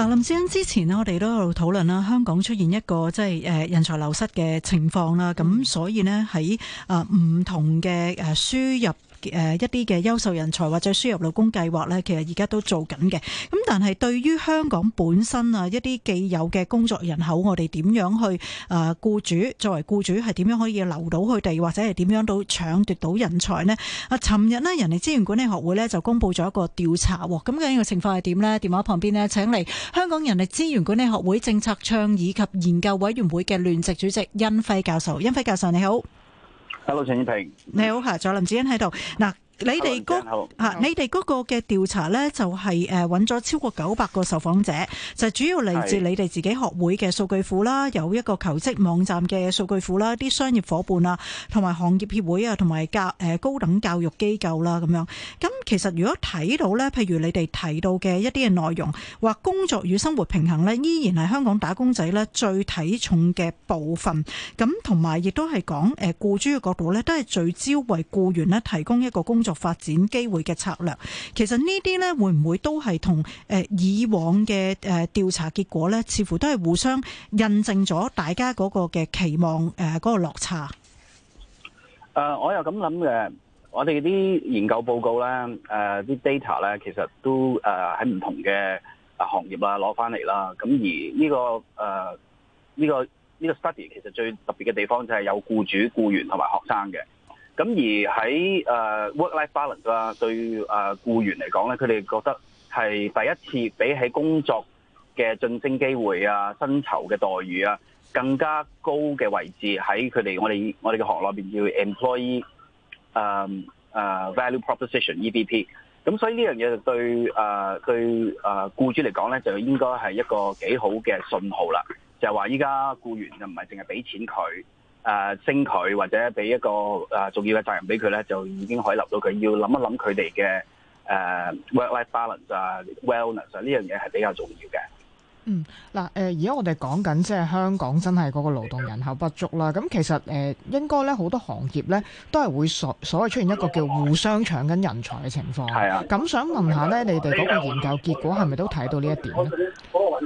嗱，林志恩之前咧，我哋都有討論啦，香港出現一個即係誒人才流失嘅情況啦，咁、嗯、所以咧喺唔同嘅誒輸入。誒一啲嘅優秀人才或者輸入勞工計劃呢，其實而家都在做緊嘅。咁但係對於香港本身啊一啲既有嘅工作人口，我哋點樣去誒僱主作為僱主係點樣可以留到佢哋，或者係點樣都搶奪到人才呢？啊，尋日呢，人力資源管理學會呢就公布咗一個調查喎。咁究竟個情況係點呢？電話旁邊呢，請嚟香港人力資源管理學會政策倡議及研究委員會嘅聯席主席殷暉教授。殷暉教授你好。Hello，陳宇婷。你好，吓，仲有林子欣喺度嗱。你哋嗰嚇，你哋嗰個嘅調查咧，就係誒揾咗超過九百個受訪者，就是、主要嚟自你哋自己學會嘅數據庫啦，有一個求職網站嘅數據庫啦，啲商業伙伴啊，同埋行業協會啊，同埋教誒高等教育機構啦咁樣。咁其實如果睇到咧，譬如你哋提到嘅一啲嘅內容，話工作與生活平衡咧，依然係香港打工仔咧最睇重嘅部分。咁同埋亦都係講誒雇主嘅角度咧，都係聚焦為雇員咧提供一個工作。發展機會嘅策略，其實呢啲咧會唔會都係同誒以往嘅誒調查結果呢？似乎都係互相印證咗大家嗰個嘅期望誒嗰個落差。誒、呃，我又咁諗嘅，我哋啲研究報告呢誒啲 data 呢，其實都誒喺唔同嘅行業啊攞翻嚟啦。咁而呢、呢個誒呢、呃呢個呢、呢個 study 其實最特別嘅地方就係有僱主、僱員同埋學生嘅。咁而喺誒 work-life balance 啊，對誒僱員嚟講咧，佢哋覺得係第一次比起工作嘅晉升機會啊、薪酬嘅待遇啊，更加高嘅位置喺佢哋我哋我哋嘅行內面，叫 employee 誒 value proposition EBP。咁所以呢樣嘢就對誒對誒僱主嚟講咧，就應該係一個幾好嘅信號啦，就係話依家僱員就唔係淨係俾錢佢。誒、uh，升佢或者俾一個誒、uh, 重要嘅責任俾佢咧，就已經可以留到佢。要諗一諗佢哋嘅誒、uh, work-life balance、uh,、啊 wellness 啊呢樣嘢係比較重要嘅。嗯嗱，誒，而家我哋講緊，即係香港真係嗰個勞動人口不足啦。咁其實誒，應該咧好多行業咧都係會所所謂出現一個叫互相搶緊人才嘅情況。係啊，咁想問下咧，你哋嗰個研究結果係咪都睇到呢一點咧？我、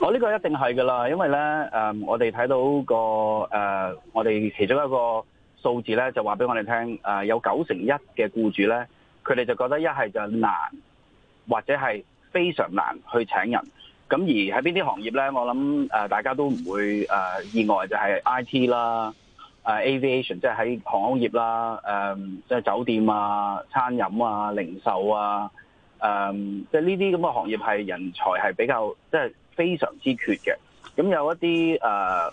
哦、呢、這個一定係噶啦，因為咧誒、嗯，我哋睇到個誒、呃，我哋其中一個數字咧就話俾我哋聽誒、呃，有九成一嘅僱主咧，佢哋就覺得一係就難或者係非常難去請人。咁而喺邊啲行業咧？我諗誒大家都唔會誒意外，就係 IT 啦，誒 aviation 即係喺航空業啦，誒即係酒店啊、餐飲啊、零售啊，誒即係呢啲咁嘅行業係人才係比較即係非常之缺嘅。咁有一啲誒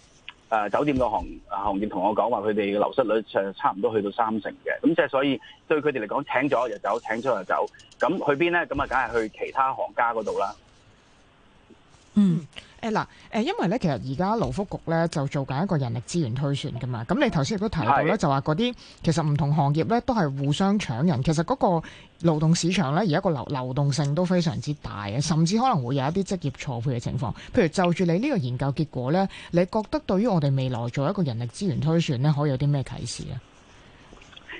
誒酒店嘅行行業同我講話，佢哋嘅流失率就差唔多去到三成嘅。咁即係所以對佢哋嚟講，請咗就走，請咗就走。咁去邊咧？咁啊，梗係去其他行家嗰度啦。嗯，誒嗱，誒，因為咧，其實而家勞福局咧就做緊一個人力資源推算噶嘛，咁你頭先亦都提到咧，就話嗰啲其實唔同行業咧都係互相搶人，其實嗰個勞動市場咧而家個流流動性都非常之大啊，甚至可能會有一啲職業錯配嘅情況。譬如就住你呢個研究結果咧，你覺得對於我哋未來做一個人力資源推算咧，可以有啲咩啟示啊？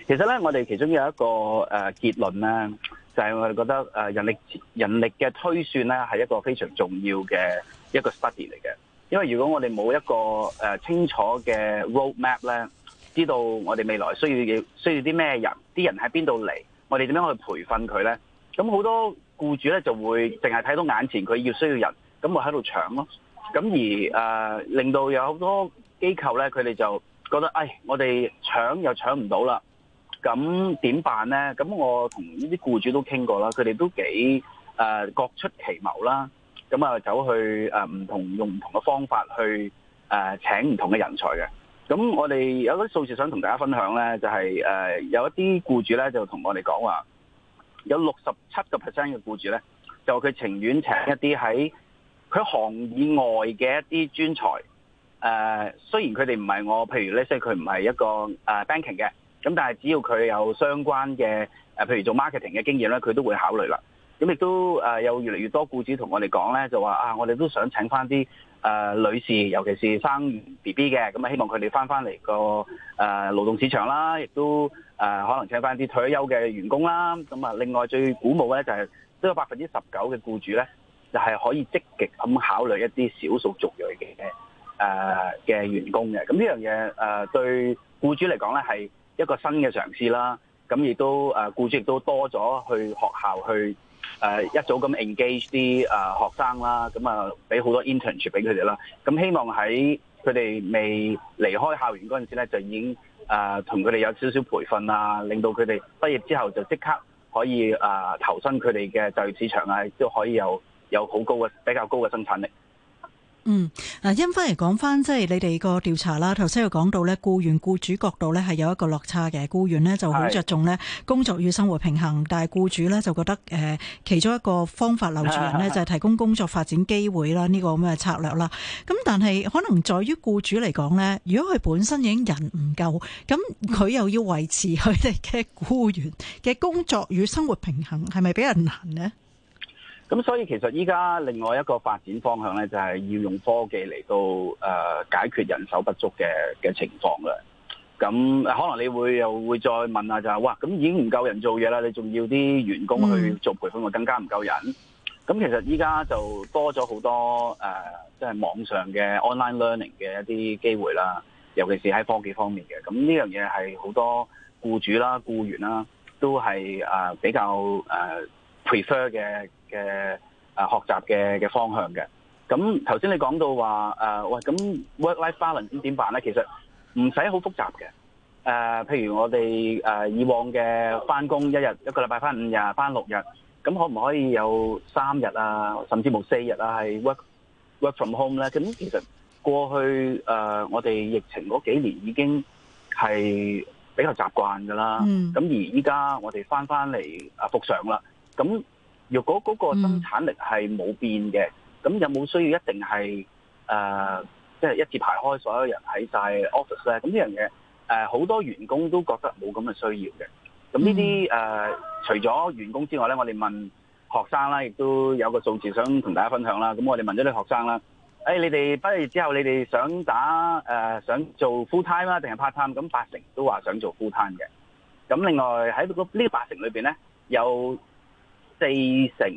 其實咧，我哋其中有一個誒、呃、結論咧。就係、是、我哋覺得誒人力人力嘅推算咧，係一個非常重要嘅一個 study 嚟嘅。因為如果我哋冇一個誒清楚嘅 road map 咧，知道我哋未來需要嘅需要啲咩人，啲人喺邊度嚟，我哋點樣去培訓佢咧？咁好多僱主咧就會淨係睇到眼前佢要需要人，咁咪喺度搶咯、啊。咁而誒、呃、令到有好多機構咧，佢哋就覺得唉，我哋搶又搶唔到啦。咁點辦咧？咁我同呢啲僱主都傾過啦，佢哋都幾誒、呃、各出奇謀啦。咁啊走去誒唔、呃、同用唔同嘅方法去誒、呃、請唔同嘅人才嘅。咁我哋有啲數字想同大家分享咧，就係、是、誒、呃、有一啲僱主咧就同我哋講話，有六十七個 percent 嘅僱主咧，就佢情願請一啲喺佢行以外嘅一啲專才。誒、呃、雖然佢哋唔係我，譬如咧，即係佢唔係一個、呃、banking 嘅。咁但係只要佢有相關嘅誒譬如做 marketing 嘅經驗咧，佢都會考慮啦。咁亦都誒有越嚟越多僱主同我哋講咧，就話啊，我哋都想請翻啲誒女士，尤其是生 BB 嘅，咁啊希望佢哋翻翻嚟個誒勞動市場啦，亦都誒可能請翻啲退休嘅員工啦。咁啊，另外最鼓舞咧就係、是、都有百分之十九嘅僱主咧，就係可以積極咁考慮一啲少數族裔嘅誒嘅員工嘅。咁呢樣嘢誒對僱主嚟講咧係一個新嘅嘗試啦，咁亦都誒，雇主亦都多咗去學校去誒、呃，一早咁 engage 啲誒學生啦，咁啊俾好多 internship 俾佢哋啦。咁希望喺佢哋未離開校園嗰陣時咧，就已經誒同佢哋有少少培訓啊，令到佢哋畢業之後就即刻可以誒、呃、投身佢哋嘅就業市場啊，都可以有有好高嘅比較高嘅生產力。嗯，嗱，殷暉嚟講翻，即係你哋個調查啦。頭先有講到咧，僱員僱主角度咧係有一個落差嘅。僱員呢就好着重呢工作與生活平衡，但係僱主咧就覺得，誒、呃，其中一個方法留住人呢，就係提供工作發展機會啦，呢、這個咁嘅策略啦。咁但係可能在於僱主嚟講呢，如果佢本身已經人唔夠，咁佢又要維持佢哋嘅僱員嘅工作與生活平衡，係咪比較難呢？咁所以其實依家另外一個發展方向咧，就係要用科技嚟到誒、呃、解決人手不足嘅嘅情況啦。咁可能你會又會再問下就係、是、哇，咁已經唔夠人做嘢啦，你仲要啲員工去做培訓，我更加唔夠人。咁、嗯、其實依家就多咗好多誒，即、呃、係、就是、網上嘅 online learning 嘅一啲機會啦。尤其是喺科技方面嘅，咁呢樣嘢係好多僱主啦、僱員啦，都係誒、呃、比較、呃、prefer 嘅。嘅啊，學習嘅嘅方向嘅。咁頭先你講到話誒、啊，喂，咁 work-life balance 點點辦咧？其實唔使好複雜嘅。誒、啊、譬如我哋誒、啊、以往嘅翻工一日、oh. 一個禮拜翻五日翻六日，咁可唔可以有三日啊，甚至冇四日啊，係 work work from home 咧？咁其實過去誒、啊、我哋疫情嗰幾年已經係比較習慣噶啦。咁、mm. 而依家我哋翻翻嚟啊復常啦，咁。如果嗰個生產力係冇變嘅，咁、mm. 有冇需要一定係誒即係一字排開所有人喺晒 office 咧？咁呢樣嘢呃、好多員工都覺得冇咁嘅需要嘅。咁呢啲除咗員工之外咧，我哋問學生啦，亦都有一個數字想同大家分享啦。咁我哋問咗啲學生啦、哎，你哋畢業之後你哋想打、呃、想做 full time 啦，定係 part time？咁八成都話想做 full time 嘅。咁另外喺個呢八成裏面咧，有四成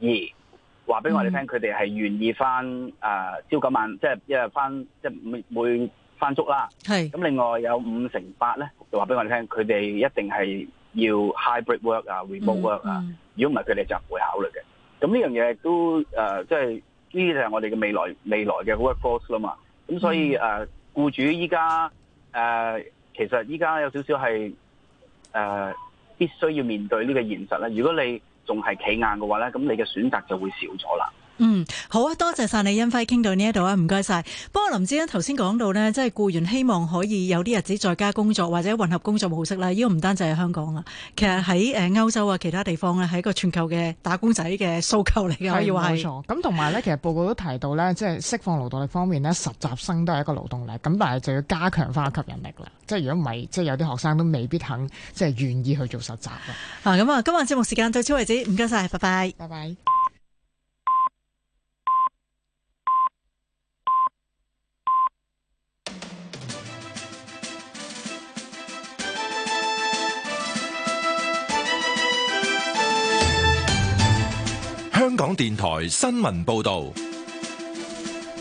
二，話俾我哋聽，佢哋係願意翻誒朝九晚，即係一係翻即係每每翻足啦。係咁，另外有五成八咧，就話俾我哋聽，佢哋一定係要 hybrid work 啊，remote work 啊。如果唔係，佢哋就唔會考慮嘅。咁呢樣嘢都誒，即係呢啲就係、是、我哋嘅未來未來嘅 workforce 啦嘛。咁所以誒，僱、mm. 呃、主依家誒，其實依家有少少係誒，必須要面對呢個現實啦。如果你仲係企硬嘅話咧，咁你嘅選擇就會少咗啦。嗯，好啊，多謝晒你恩輝，恩輝，傾到呢一度啊，唔該晒。不過林子欣頭先講到呢，即係僱員希望可以有啲日子在家工作或者混合工作模式啦。呢個唔單止係香港啦，其實喺誒歐洲啊，其他地方呢係一個全球嘅打工仔嘅訴求嚟嘅，冇錯。咁同埋呢，其實報告都提到呢，即係釋放勞動力方面呢，實習生都係一個勞動力。咁但係就要加強翻吸引力啦。即係如果唔係，即係有啲學生都未必肯，即係願意去做實習啦。咁、嗯、啊，今晚節目時間到此為止，唔該晒，拜拜，拜拜。電台新聞報道。